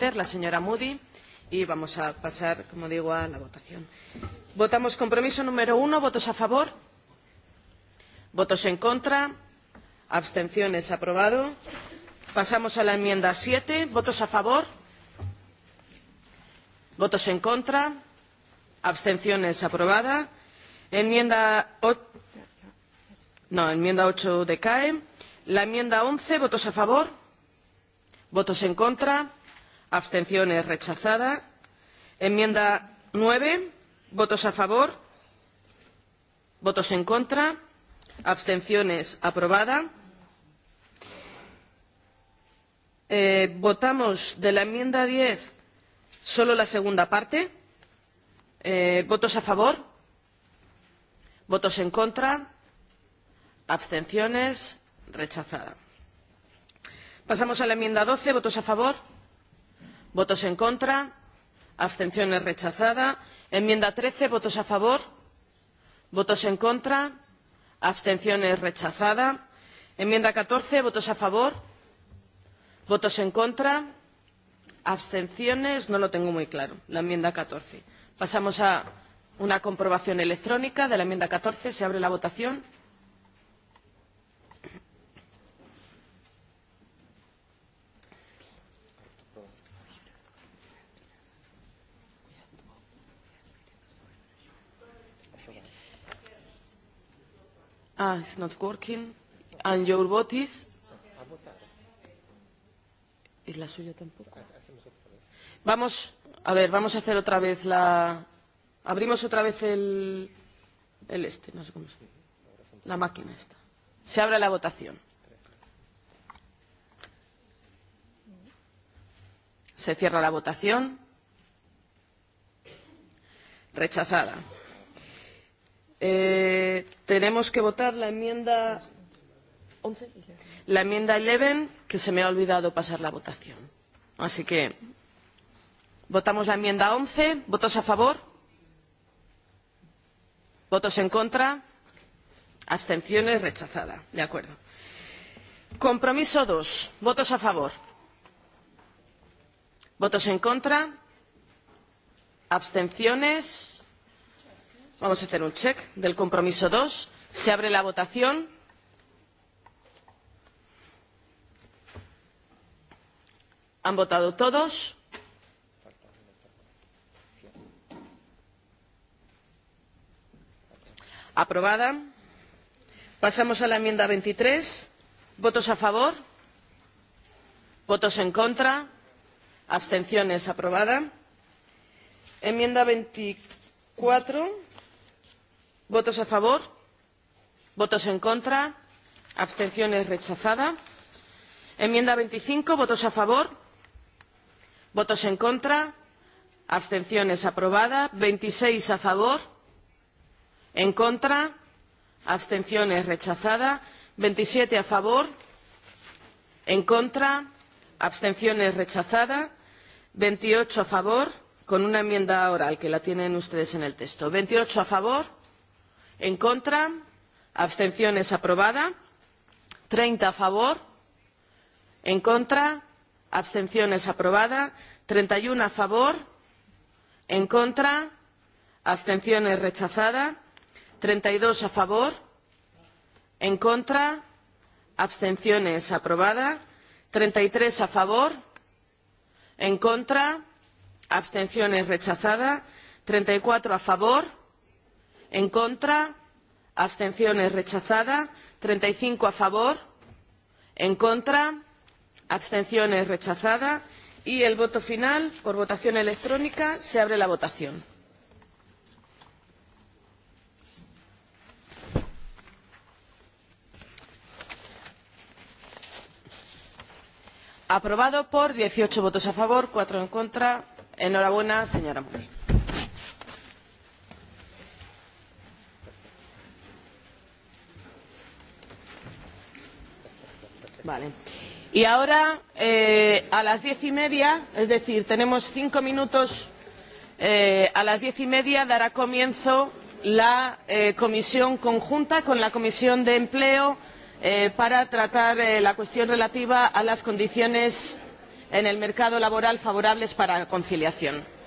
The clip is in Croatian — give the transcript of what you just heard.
la señora Moody y vamos a pasar, como digo, a la votación. Votamos compromiso número uno. ¿Votos a favor? ¿Votos en contra? Abstenciones. Aprobado. Pasamos a la enmienda 7. ¿Votos a favor? ¿Votos en contra? Abstenciones. Aprobada. Enmienda 8. No, enmienda 8 decae. La enmienda 11. ¿Votos a favor? ¿Votos en contra? abstenciones rechazada enmienda 9 votos a favor votos en contra abstenciones aprobada eh, votamos de la enmienda 10 solo la segunda parte eh, votos a favor votos en contra abstenciones rechazada pasamos a la enmienda 12 votos a favor votos en contra abstenciones rechazada enmienda trece votos a favor votos en contra abstenciones rechazada enmienda catorce votos a favor votos en contra abstenciones no lo tengo muy claro la enmienda catorce pasamos a una comprobación electrónica de la enmienda catorce se abre la votación Ah, it's not working. And your vote is? ¿Es la suya tampoco? Vamos, a ver, vamos a hacer otra vez la... Abrimos otra vez el, el este, no sé cómo se La máquina esta. Se abre la votación. Se cierra la votación. Rechazada. Eh, Tenemos que votar la enmienda 11. La enmienda 11, que se me ha olvidado pasar la votación. Así que votamos la enmienda 11. ¿Votos a favor? ¿Votos en contra? Abstenciones rechazada. De acuerdo. Compromiso 2. ¿Votos a favor? ¿Votos en contra? Abstenciones Vamos a hacer un check del compromiso 2. Se abre la votación. ¿Han votado todos? Aprobada. Pasamos a la enmienda 23. ¿Votos a favor? ¿Votos en contra? ¿Abstenciones? Aprobada. Enmienda 24 votos a favor votos en contra abstenciones rechazada enmienda 25 votos a favor votos en contra abstenciones aprobada 26 a favor en contra abstenciones rechazada 27 a favor en contra abstenciones rechazada 28 a favor con una enmienda oral que la tienen ustedes en el texto 28 a favor en contra abstenciones aprobada treinta a favor en contra abstenciones aprobada treinta y uno a favor en contra abstenciones rechazada treinta y dos a favor en contra abstenciones aprobada treinta y tres a favor en contra abstenciones rechazada treinta y cuatro a favor en contra abstenciones rechazada treinta y cinco a favor en contra abstenciones rechazada y el voto final por votación electrónica se abre la votación aprobado por dieciocho votos a favor cuatro en contra enhorabuena señora moody. Vale. Y ahora, eh, a las diez y media, es decir, tenemos cinco minutos, eh, a las diez y media dará comienzo la eh, comisión conjunta con la Comisión de Empleo eh, para tratar eh, la cuestión relativa a las condiciones en el mercado laboral favorables para conciliación.